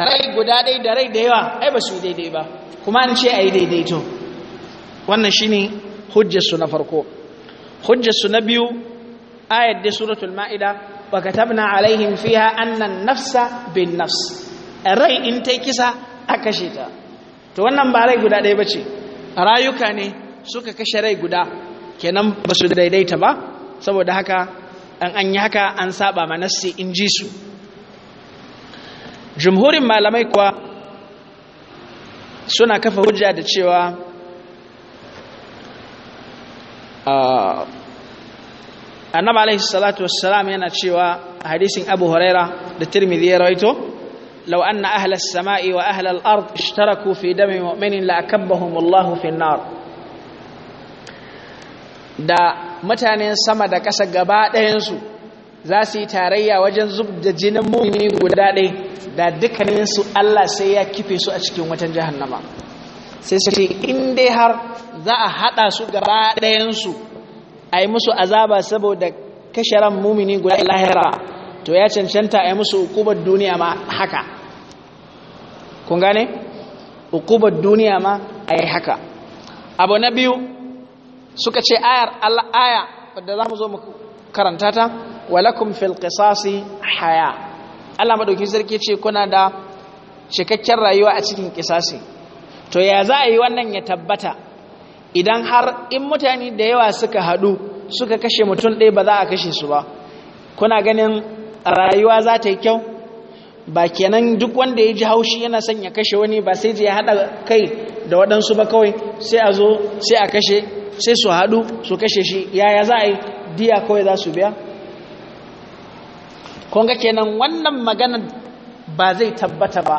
[SPEAKER 1] rai guda dai da rai da yawa ai ba su yi daidai ba kuma an ce a yi daidaito wannan shine su na farko su na biyu ayat da suratul ma'ida wa katabna alaihim fiha annan nafsa bin nafs rai in tai kisa a kashe ta to wannan ba rai guda ɗaya bace rayuka ne suka kashe rai guda kenan ba su daidaita ba saboda haka an an yi haka an saba ma nafsi in ji su jumhurin malamai kuwa suna kafa hujja da cewa Uh, annabi alaihi salatu wassalam yana cewa hadisin abu huraira da tirmidhi ya rawaito law anna ahla as-sama'i wa ahla al-ard ishtaraku fi dami mu'minin la akabbahum Allah fi nar da mutanen sama da ƙasa gaba ɗayan su za su yi tarayya wajen zub da jinin mu'mini guda ɗaya da dukkaninsu Allah sai ya kife su a cikin watan jahannama sai su ce in dai har za a haɗa su gaba ɗayansu a yi musu azaba saboda kashe ran mumini guda lahira to ya cancanta a yi musu hukubar duniya ma haka kun gane? hukubar duniya ma a yi haka abu na biyu suka ce ayar al'aya, wadda za mu zo mu karanta ta walakun fil qisasi haya Allah maɗauki sarki ce kuna da cikakken rayuwa a cikin kisasi to ya za a yi wannan ya tabbata idan har in mutane da yawa suka haɗu suka kashe mutum ɗaya ba za a kashe su ba kuna ganin rayuwa za ta yi kyau ba kenan duk wanda ya ji haushi yana son ya kashe wani ba sai ya haɗa kai da waɗansu ba kawai sai a zo sai a kashe sai su haɗu su kashe shi yaya za a yi diya kawai za su biya kunga kenan wannan magana ba zai tabbata ba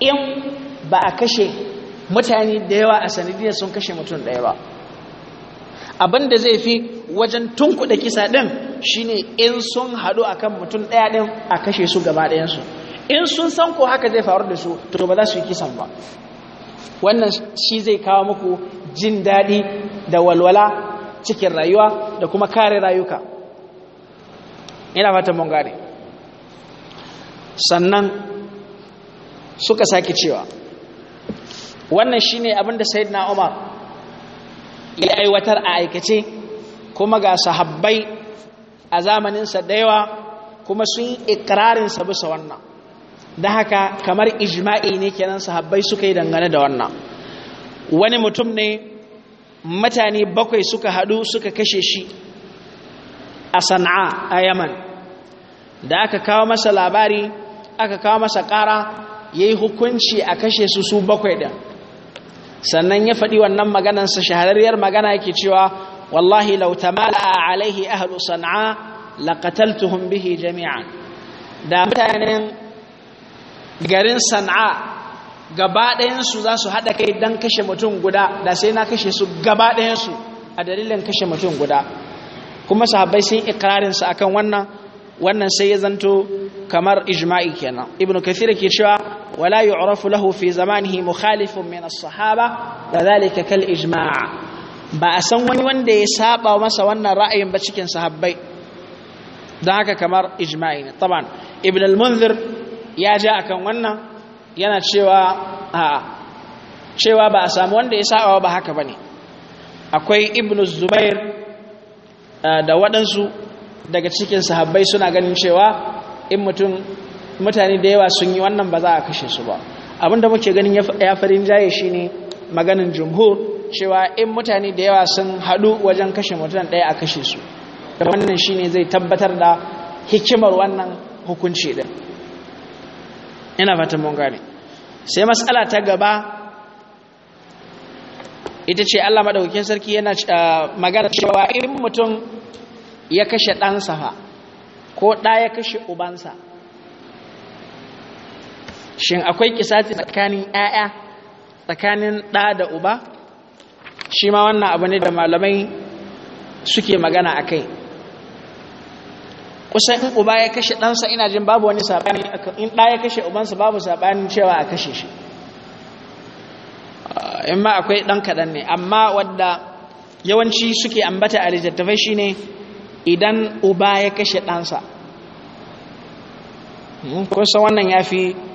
[SPEAKER 1] in ba a kashe mutane da yawa a sanadiyar sun kashe mutum ɗaya ba abin da zai fi wajen tunkuɗa kisa ɗin shine in sun haɗu a kan mutum ɗaya ɗin a kashe su gaba ɗayansu in sun san ko haka zai faru da su to ba za su yi kisan ba wannan shi zai kawo muku jin daɗi da walwala cikin rayuwa da kuma kare rayuka ina fatan mun gane sannan suka sake cewa wannan shine abin da sayyidina Umar ya aiwatar a aikace kuma ga sahabbai a zamanin sa da kuma sun yi ikrarin sa bisa wannan dan haka kamar ijma'i ne kenan sahabbai suka yi dangane da wannan wani mutum ne mutane bakwai suka hadu suka kashe shi a sana'a a yaman da aka kawo masa labari aka kawo masa ƙara yayi hukunci a kashe su su bakwai ɗin sannan ya faɗi wannan maganansa shahararriyar magana yake cewa wallahi law a alaihi ahlu sana'a laqataltuhum bihi jami'an da mutanen garin sana'a gaba za su haɗa kai don kashe mutum guda da sai na kashe su gaba ɗayansu a dalilin kashe mutum guda kuma sahabbai sun ikirarinsu akan wannan wannan sai ya zanto kamar ijma'i kenan ibnu kathir ke cewa ولا يعرف له في زمانه مخالف من الصحابة وذلك كالإجماع ba a san wani wanda ya saba masa wannan ra'ayin ba cikin sahabbai don haka kamar ijma'i ne taban ibn al-munzir ya ja akan wannan yana cewa a cewa ba a samu wanda ya saba ba haka bane akwai ibn zubair da waɗansu daga cikin sahabbai suna ganin cewa in mutum mutane da yawa sun yi wannan ba za a kashe su ba abinda muke ganin ya farin jaye ne maganin jumhur cewa in mutane da yawa sun haɗu wajen kashe mutum ɗaya a kashe su wannan shi ne zai tabbatar da hikimar wannan hukunci ɗin ina fatan mun gane sai matsala ta gaba ita ce Allah madaukakin sarki yana eh, magana cewa in mutum ya kashe ɗansa fa ko ɗa ya kashe ubansa shin akwai kisasi tsakanin ‘ya'ya tsakanin ɗa da uba shi ma wannan abu ne da malamai suke magana a kai kusan in uba ya kashe ɗansa ina jin babu wani saɓani in ɗa ya kashe ubansa babu saɓanin cewa a kashe shi ah, in ma akwai ɗan kaɗan ne amma wadda yawanci suke ambata a littattafai ne idan uba ya kashe ɗansa hmm, kusan wannan ya fi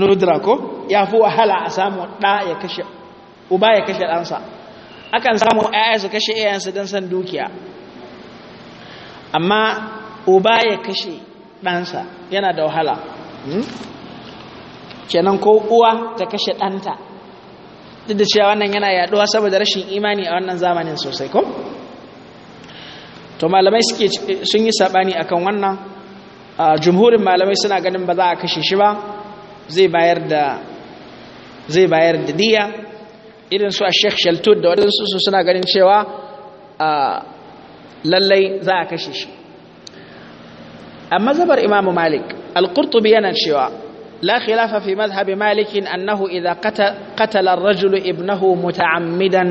[SPEAKER 1] nudra ko ya fi wahala a samu ɗa ya kashe uba ya kashe ɗansa akan samu ‘ya'ya su kashe ‘ya'yansu don san dukiya amma uba ya kashe ɗansa yana da wahala hmm? kenan ko uwa ta kashe ɗanta duk da cewa wannan yana yaɗuwa saboda rashin imani a wannan zamanin sosai ko to malamai sun yi saɓani akan wannan jumhurin malamai suna ganin ba za a kashe shi ba zai bayar da zai bayar da diya irin su a sheikh shaltud da waɗansu su suna ganin cewa a lallai za a kashe shi a mazhabar imamu malik al-qurtubi yana cewa la khilafa fi mazhabi malikin annahu idza qatala ar-rajulu ibnahu muta'ammidan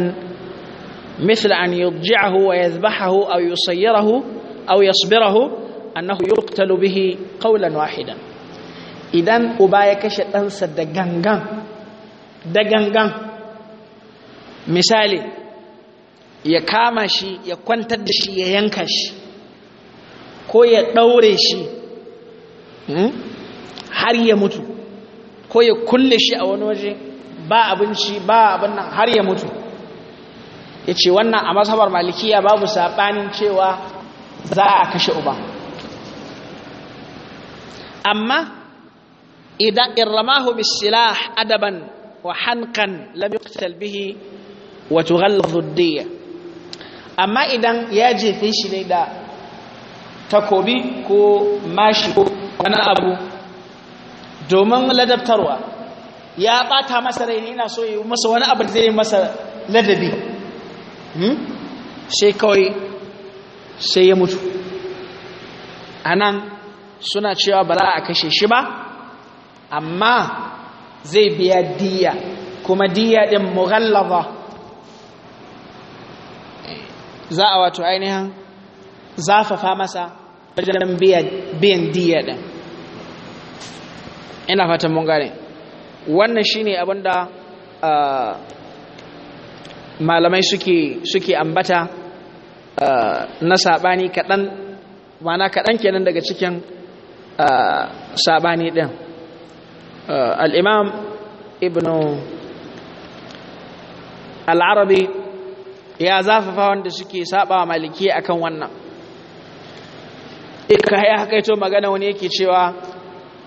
[SPEAKER 1] مثل أن يضجعه ويذبحه أو يصيره أو يصبره أنه يقتل به قولا واحدا idan uba ya kashe ɗansa da gangan da gangan misali ya kama shi ya kwantar da shi ya yanka shi ko ya ɗaure shi hmm, har ya mutu ko ya kulle shi a wani waje ba abinci ba abin nan har ya mutu ya ce wannan a masabar malikiya babu saɓanin cewa za a kashe uba amma idan irramahu silah adaban wa hankan lam yuqtal bihi wa tughalladhu amma idan ya jefe shi ne da takobi ko mashi ko wani abu domin ladabtarwa ya bata masa rai ne ina so yi masa wani abu da zai masa ladabi sai kawai sai ya mutu anan suna cewa ba a kashe shi ba amma zai biya diya kuma diya din mughallaba za a wato ainihin zafafa masa wajen biyan diya ɗin. ina fatan mun gane wannan shine abinda malamai suke suke ambata na sabani kadan mana kaɗan kenan daga cikin saɓani ɗin. al'imam ibn al'arabi ya zafafa wanda suke saba maliki akan wannan ka ya hakaito magana wani yake cewa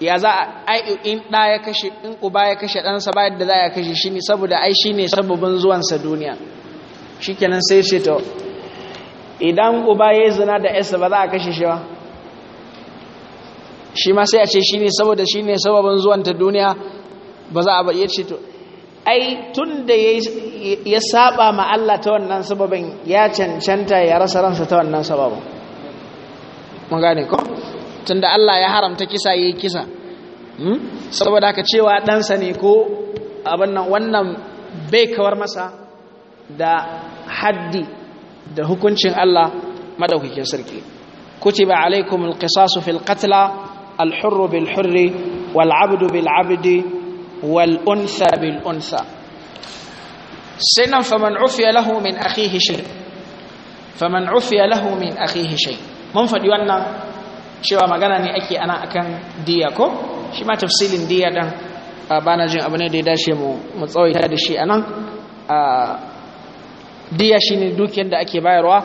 [SPEAKER 1] ya za a in ɗa ya kashe in uba ya kashe ɗansa bayan da za a kashe shi ne saboda ai shi ne sababin zuwansa duniya Shikenan kenan sai to idan uba ya yi zina da 'yarsa, ba za a kashe shi ba shi ma sai a ce shi ne saboda shi ne sababin zuwanta duniya ba za a ba iya ce to ai tun da ya saba ma Allah ta wannan sababin ya cancanta ya rasa ransa ta wannan sababin mun gane ko tun da Allah ya haramta kisa ya yi kisa hmm? saboda ka cewa ɗansa ne ko abin wannan bai kawar masa da haddi da hukuncin Allah madaukakin sarki kutiba alaikum alqisasu fil qatla alhurru bil hurri wal abdu bil abdi bil unsa sai nan faman ufiya lahu min akhihi shay faman ufiya lahu min akhihi shay mun faɗi wannan cewa magana ne ake ana akan diya ko shi ma tafsilin diya dan ba na jin abu ne da ya dace mu tsawaita da shi anan. nan diya shi ne dukiyar da ake bayarwa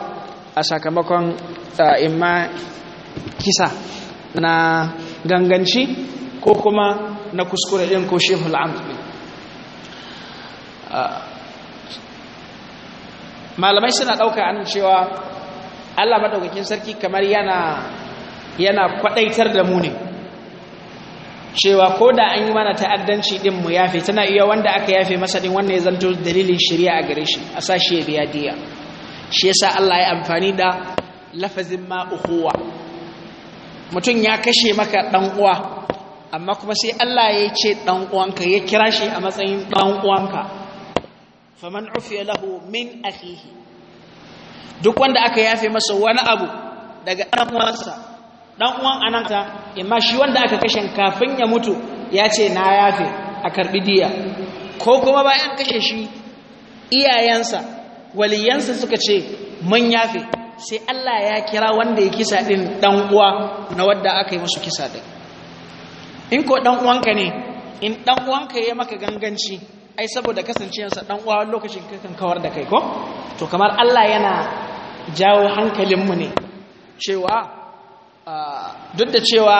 [SPEAKER 1] a sakamakon imma kisa na ganganci ko kuma na kuskure ɗin ko shehu amdi ah, malamai suna ɗauka an cewa allah maɗaukakin sarki kamar yana yana kwaɗaitar da mu ne cewa ko da an yi mana ta'addanci ɗin mu yafe tana iya wanda aka yafe masa ɗin wannan ya zanto dalilin shirya a gare shi a sashe ya biya diya shi yasa allah ya amfani da lafazin ma'uhuwa mutum ya kashe maka ɗan uwa amma kuma sai Allah ya ce ɗan uwanka ya kira shi a matsayin ɗan uwanka faman ufiya lahu min akhihi duk wanda aka yafe masa wani abu daga ɗan uwansa ɗan uwan ananta shi wanda aka kashe kafin ya mutu ya ce na yafe a karɓi diya ko kuma bayan kashe shi iyayensa waliyansa suka ce mun yafe sai Allah ya kira wanda ya kisa ɗin ɗan uwa na wadda aka yi masu kisa ɗin in ko ɗan uwanka ne in ɗan uwanka ya maka ganganci ai saboda kasance kasancewarsa ɗan uwa lokacin kakan kawar da kai ko to kamar Allah yana jawo hankalinmu ne cewa duk da cewa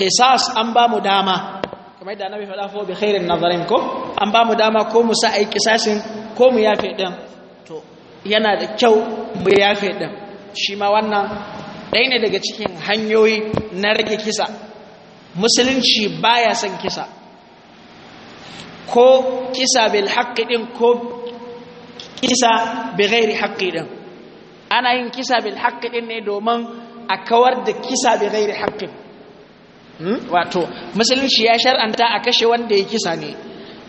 [SPEAKER 1] qisas an ba mu dama kamar yadda bai faɗa fobi bi nazarin ko an ba mu dama ko mu sa aiki kisasin ko mu yafe ɗin. yana da kyau mu yafe ɗin shi ma wannan ɗaya ne daga cikin hanyoyi na rage kisa musulunci baya son kisa ko kisa bil haqqi din, ko kisa bi ghairi haqqi din ana yin kisa bil haqqi din ne domin a kawar da kisa bi ghairi haqqi hmm? wato musulunci ya shar'anta a kashe wanda ya kisa ne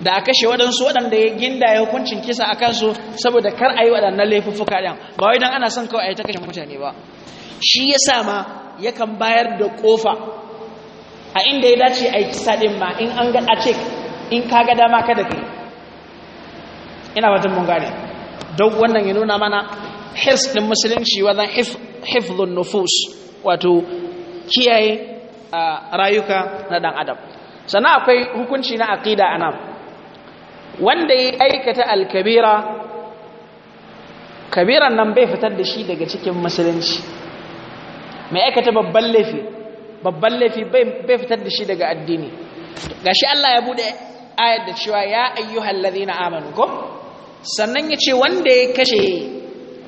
[SPEAKER 1] da a kashe waɗansu waɗanda ya ginda ya hukuncin kisa a kansu saboda kar a yi waɗannan laifuffuka ɗin ba wai don ana son kawai a yi ta kashe mutane ba shi ya sa ma yakan bayar da ƙofa a inda ya dace a yi kisa ɗin ma in an ga a ce in ka ga dama kada kai ina fatan mun gane duk wannan ya nuna mana hirs ɗin musulunci wajen hifzun nufus wato kiyaye rayuka na ɗan adam sannan akwai hukunci na aƙida a nan wanda ya aikata alkabira kabiran nan bai fitar da shi daga cikin musulunci mai aikata babban laifi babban laifi bai fitar da shi daga addini gashi Allah ya bude ayar da cewa ya ayyuhal ladina amanu ko sannan ya ce wanda ya kashe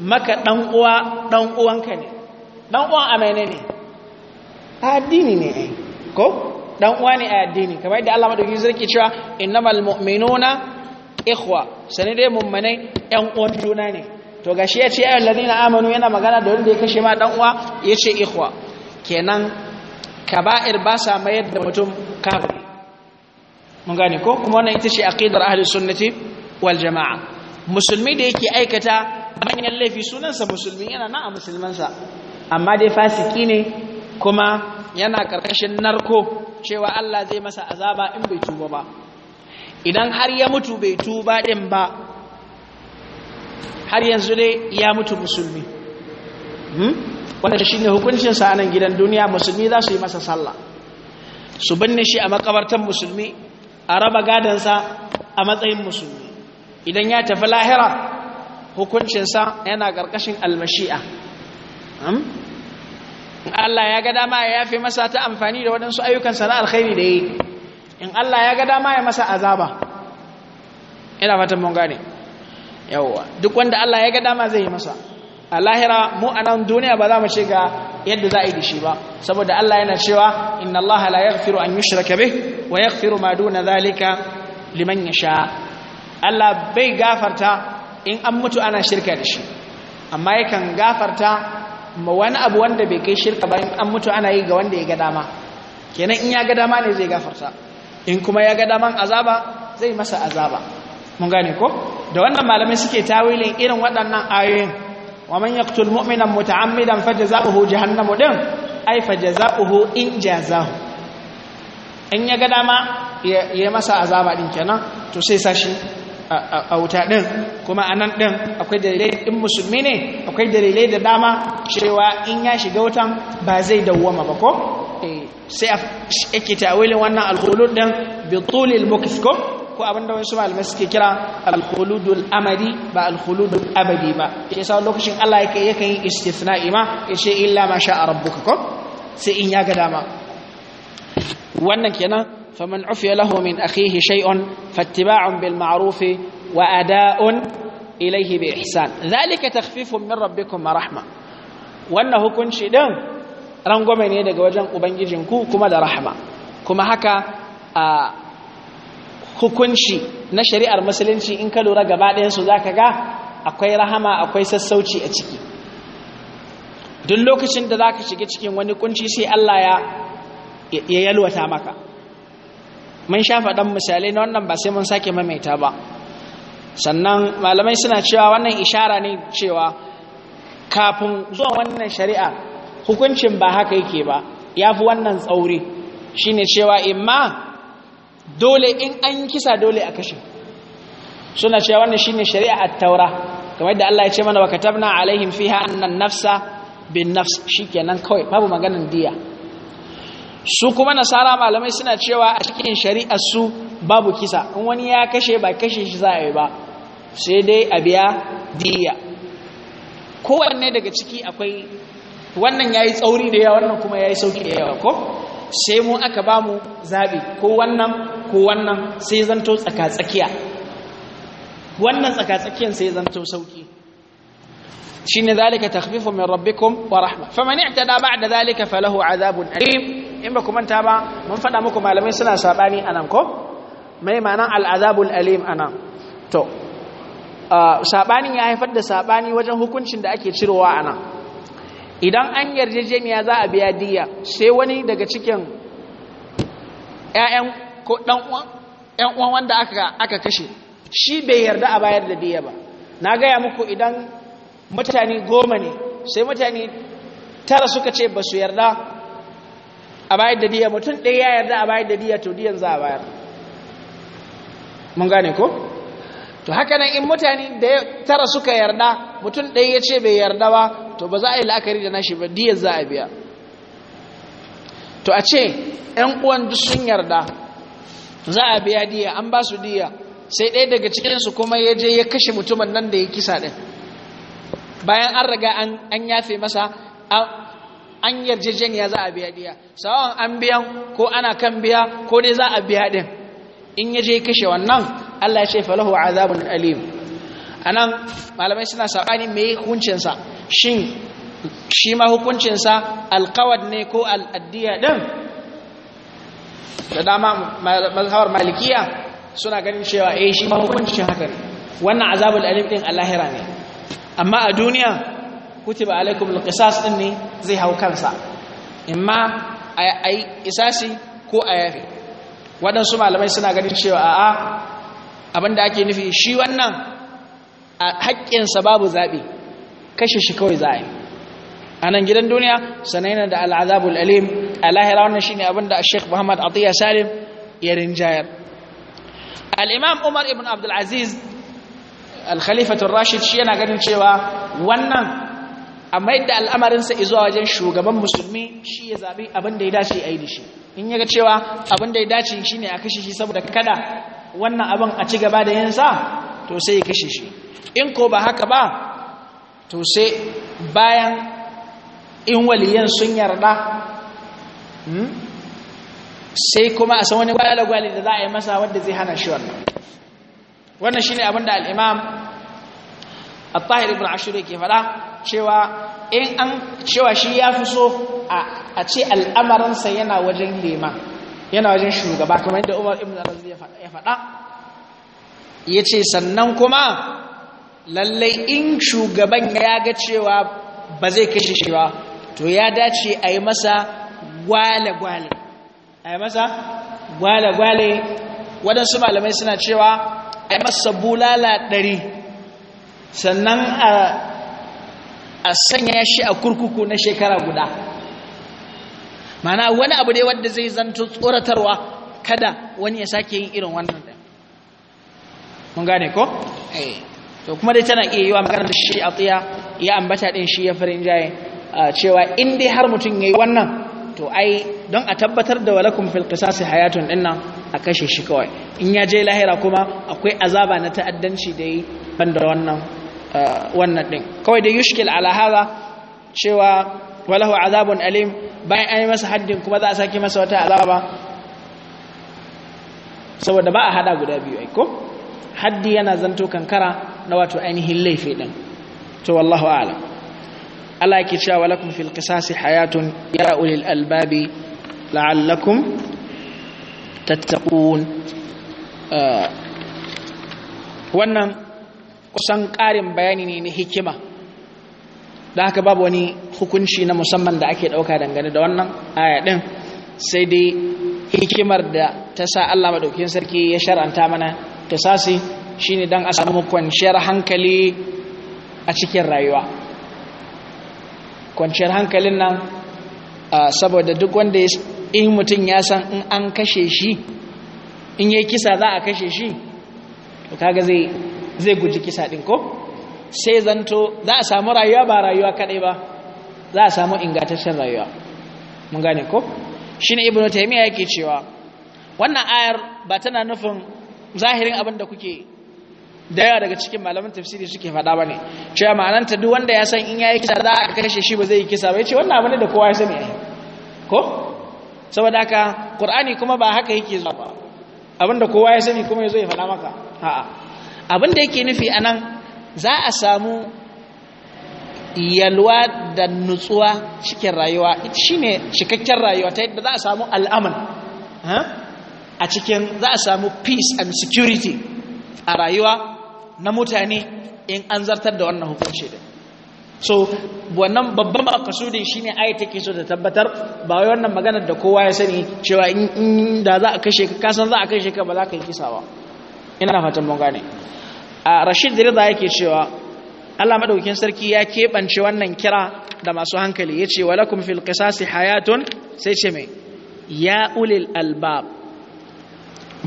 [SPEAKER 1] maka dan uwa dan uwanka ne dan uwan amene ne addini ne ko dan uwa ne a addini kamar yadda Allah madauki zai cewa innamal mu'minuna ikhwa sani dai mummanai ƴan uwan juna ne to ga shi ya ce ayyul ladina amanu yana magana da wanda ya kashe ma ɗan uwa ya ce ikhwa kenan kaba'ir ba sa mayar da mutum kafiri mun gane ko kuma wannan ita ce aqidar ahli sunnati wal jamaa musulmi da yake aikata manyan laifi sunansa musulmi yana nan a musulmansa amma dai fasiki ne kuma yana karkashin narko cewa Allah zai masa azaba in bai tuba ba idan har ya mutu bai tuba din ba har yanzu dai ya mutu musulmi hmm? wanda shi ne hukuncinsa a nan gidan duniya musulmi za su yi masa sallah su binne shi a makabartan musulmi a raba gadansa a matsayin musulmi idan ya tafi lahira hukuncinsa yana ƙarƙashin almashi'a hmm? Allah ya ga dama ya yafe masa ta amfani da waɗansu ayyukansa na alkhairi da yi in Allah ya ga dama ya masa azaba ina fatan mun gane yawwa duk wanda Allah ya ga dama zai yi masa a lahira mu a nan duniya ba za mu ce ga yadda za a yi da shi ba saboda Allah yana cewa inna Allah la yaghfiru an yushraka bih wa yaghfiru ma duna zalika liman yasha Allah bai gafarta in an mutu ana shirka da shi amma yakan gafarta ma wani abu wanda bai kai shirka ba in an mutu ana yi ga wanda ya ga dama kenan in ya ga dama ne zai gafarta in kuma ya ga daman azaba zai masa azaba mun gane ko da wannan malamai suke tawilin irin waɗannan ayoyin wa man yaqtul mu'mina muta'ammidan fajza'uhu jahannamu din ay fajza'uhu in jazahu in ya ga dama ya masa azaba din kenan to sai sashi a wuta ɗin kuma a nan ɗin akwai dalilai ɗin musulmi ne akwai dalilai da dama cewa in ya shiga wutan ba zai dawwama ba ko eh, sai ake tawilin wannan alkhulud ɗin bitulil tulil ko ko abinda wasu malamai suke kira alkhuludul amadi ba alkhuludul abadi ba ke sa lokacin Allah yake yake yin ima ma ce illa ma a rabbuka ko sai in ya ga dama wannan kenan فمن عفي له من أخيه شيء فاتباع بالمعروف وأداء إليه بإحسان ذلك تخفيف من ربكم ورحمة وأنه كن شدن رنقم يدك وجن أبنجنكو كما دا رحمة كما هكا آه hukunci na shari'ar musulunci in ka lura gaba ɗayansu za ka ga akwai rahama akwai sassauci a ciki duk lokacin da za ka shiga cikin wani kunci sai Allah ya yalwata maka mun sha faɗan misalai na wannan ba sai mun sake maimaita ba sannan malamai suna cewa wannan ishara ne cewa kafin zuwa wannan shari'a hukuncin ba haka yake ba ya fi wannan tsauri shine cewa imma dole in an kisa dole a kashe suna cewa wannan shine shari'a a taura kamar da Allah ya ce mana wa katabna alaihim fiha annan nafsa bin nafs shikenan kawai babu maganan diya su kuma nasara malamai suna cewa a cikin shari'ar su babu kisa in wani ya kashe ba kashe shi za a yi ba sai dai a biya diya kowanne daga ciki akwai wannan ya yi tsauri da yawa wannan kuma ya yi sauki da yawa ko sai mu aka ba mu zaɓi ko wannan ko wannan sai zanto tsakatsakiya wannan tsakatsakiyan sai zanto sauki ne zalika takhfifun min rabbikum wa rahma faman i'tada ba'da zalika falahu azabun alim in ba ku manta ba mun faɗa muku malamai suna saɓani a ko mai ma'anan al'azabul alim a nan to saɓanin ya haifar da saɓani wajen hukuncin da ake cirowa a nan idan an yarjejeniya za a biya diya sai wani daga cikin ‘ya'yan ko uwan wanda aka kashe shi bai yarda a bayar da diya ba na gaya muku idan mutane goma ne sai mutane tara suka ce ba su yarda a bayar da diya mutum ɗaya ya yarda a bayar da diya to diyan za a bayar mun gane ko to haka nan in mutane da tara suka yarda mutum ɗaya ya ce bai yarda ba to ba za a yi la'akari da nashi ba diyan za a biya to a ce ‘yan uwan duk sun yarda za a biya diya an ba su diya sai ɗaya daga cikinsu kuma ya je ya kashe mutumin nan da ya kisa ɗin bayan an riga an yafe masa an yarjejeniya za a biya diya sawan an biya ko ana kan biya ko dai za a biya din in ya je kashe wannan Allah ya ce falahu azabun alim anan malamai suna sabani me hukuncin sa shin shi ma hukuncin sa alqawad ne ko al din da dama mazhabar malikiya suna ganin cewa eh shi ma hukuncin haka ne wannan azabul alim din a lahira ne amma a duniya kutiba alaikum alqisas din ne zai hau kansa imma ai isasi ko a yafe waɗansu malamai suna ganin cewa a'a abinda ake nufi shi wannan a haƙƙinsa babu zaɓi kashe shi kawai za a nan gidan duniya sanai da al'azabul alim a lahira wannan shine abinda sheikh muhammad atiyya salim ya rinjayar al'imam umar ibn abdulaziz al rashid shi yana ganin cewa wannan amma yadda al'amarinsa izuwa wajen shugaban musulmi shi ya zaɓi abin da ya dace a yi da shi in yaga cewa abin da ya dace shi ne a kashe shi saboda kada wannan abin a ci gaba da sa, to sai ya kashe shi in ko ba haka ba to sai bayan in waliyan sun yarda hmm, sai kuma a san wani da za a yi masa wadda zai hana shi wannan wannan shi ne abin da al'imam a tahir ibn ashur ke faɗa cewa in an cewa shi ya fi so a ce al'amaransa yana wajen lema yana wajen shugaba kamar yadda umar ibn arazi ya faɗa ya ce sannan kuma lallai in shugaban ya ga cewa ba zai kashe shi ba to ya dace a yi masa gwale-gwale a yi masa gwale-gwale waɗansu malamai suna cewa a yi masa bulala ɗari sannan a a sanya shi a kurkuku na shekara guda mana wani abu ne wanda zai zanto tsoratarwa kada wani ya sake yin irin wannan da mun gane ko? Eh. to kuma dai tana iya yi wa maganar shi a tsaya ya ambata din shi ya farin jaye cewa in dai har mutum ya yi wannan to ai don a tabbatar da walakun fil qisasi hayatun dinnan a kashe shi kawai in ya je lahira kuma akwai azaba na ta'addanci da yi banda wannan wannan ɗin kawai da yushkil ala cewa walahu azabun alim bayan an yi masa haddin kuma za a sake masa wata azaba saboda ba a hada guda biyu aiko ko haddi yana zanto kankara na wato ainihin laifi ɗin to wallahu ala. Allah yake cewa walakum fil hayatun ya ulil albabi la'allakum tattaqun uh, wannan kusan ƙarin bayani ne na hikima da haka babu wani hukunci na musamman da ake ɗauka dangane da wannan aya ɗin sai dai hikimar da ta sa Allah maɗaukin sarki ya shar'anta mana ta sasi shi ne don a samu kwanciyar hankali a cikin rayuwa kwanciyar hankalin nan saboda duk wanda in mutum ya san in an kashe shi in yi kisa za a kashe shi to ga zai zai guji kisa ɗin ko sai zanto za a samu rayuwa ba rayuwa kaɗai ba za a samu ingantaccen rayuwa mun gane ko shi ne ibn taimiyya yake cewa wannan ayar ba tana nufin zahirin abin da kuke da yawa daga cikin malaman tafsiri suke faɗa ba ne cewa ma'ananta duk wanda ya san in ya yi kisa za a kashe shi ba zai yi kisa ba ya ce wannan abin da kowa ya sani ne ko saboda haka ƙur'ani kuma ba haka yake zuwa ba abin da kowa ya sani kuma ya zo ya faɗa maka a'a abin da yake nufi anan za a samu yalwa da nutsuwa cikin rayuwa shine cikakken rayuwa ta yadda za a samu al'aman a cikin za a samu peace and security a rayuwa na mutane in an zartar da wannan hukunci da so wannan babban makasudin ne ayyata ke so da tabbatar ba wai wannan maganar da kowa ya sani cewa in da za a kashe ka kasan za a kashe ka ba za ka yi kisawa. ina fatan mongane a rashid rida yake cewa allah maɗaukin sarki ya keɓance wannan kira da masu hankali ya ce walakum filkisasi hayatun sai ce mai ya ulil albab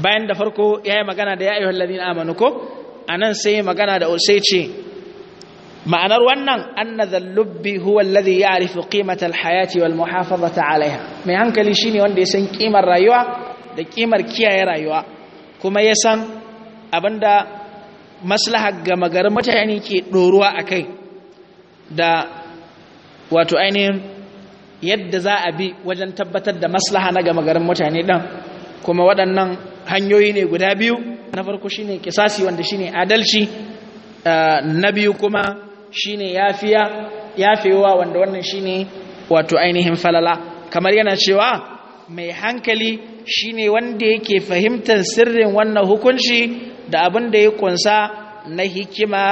[SPEAKER 1] bayan da farko ya yi magana da ya ayyuhal na amanu ko anan sai magana da sai ce ma'anar wannan anna dhallubbi huwa alladhi ya'rifu qimata alhayati wal muhafazata alaiha mai hankali shine wanda ya san ƙimar rayuwa da ƙimar kiyaye rayuwa kuma ya san abinda Maslaha gama garin mutane ke ɗoruwa a kai da wato ainihin yadda za a bi wajen tabbatar da maslaha na gama garin mutane ɗan kuma waɗannan hanyoyi ne guda biyu na farko shine kisasi wanda shine adalci na biyu kuma shine yafiya yafewa wanda wannan shine wato ainihin falala kamar yana cewa mai hankali shine wanda yake fahimtar sirrin wannan hukunci da abin da ya kunsa na hikima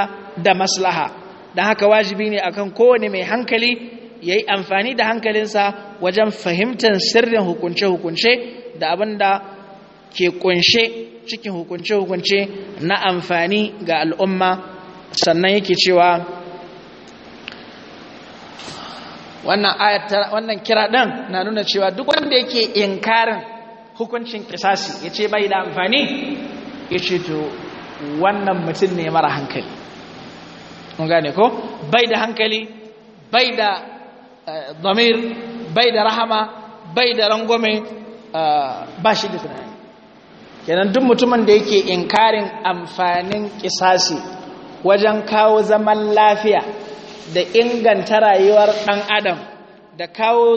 [SPEAKER 1] da maslaha don haka wajibi ne akan kowane mai hankali ya yi amfani da hankalinsa wajen fahimtar sirrin hukunce-hukunce da abin da ke kunshe cikin hukunce-hukunce na amfani ga al'umma sannan yake cewa wannan kira ɗan na nuna cewa duk wanda yake inkarin hukuncin kisasi ya ce bai da amfani ya ce to wannan mutum ne mara hankali kun gane ko bai da hankali bai da zamir, eh, bai da rahama bai da rangwame eh, ba shi da tunani kenan duk mutumin da yake inkarin amfanin kisasi wajen kawo zaman lafiya da inganta rayuwar ɗan adam da kawo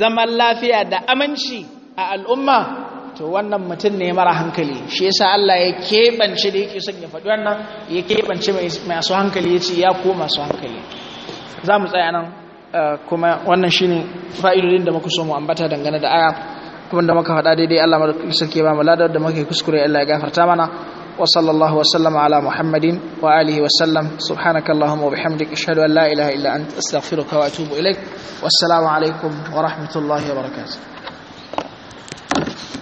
[SPEAKER 1] zaman lafiya da aminci a al'umma to wannan mutum ne mara hankali shi yasa Allah ya keɓance da yake son ya faɗi wannan ya keɓance masu hankali ya ya ko masu hankali za mu tsaya nan eh, kuma wannan shine fa'idodin da muka so mu ambata dangane da aya kuma da muka faɗa daidai Allah madaukakin sarki ba mu ladar da muka kuskure Allah ya gafarta mana wa sallallahu wa sallama ala muhammadin wa alihi wa sallam subhanakallahumma wa bihamdika ashhadu an la ilaha illa anta astaghfiruka wa atubu ilaik assalamu alaikum wa rahmatullahi wa barakatuh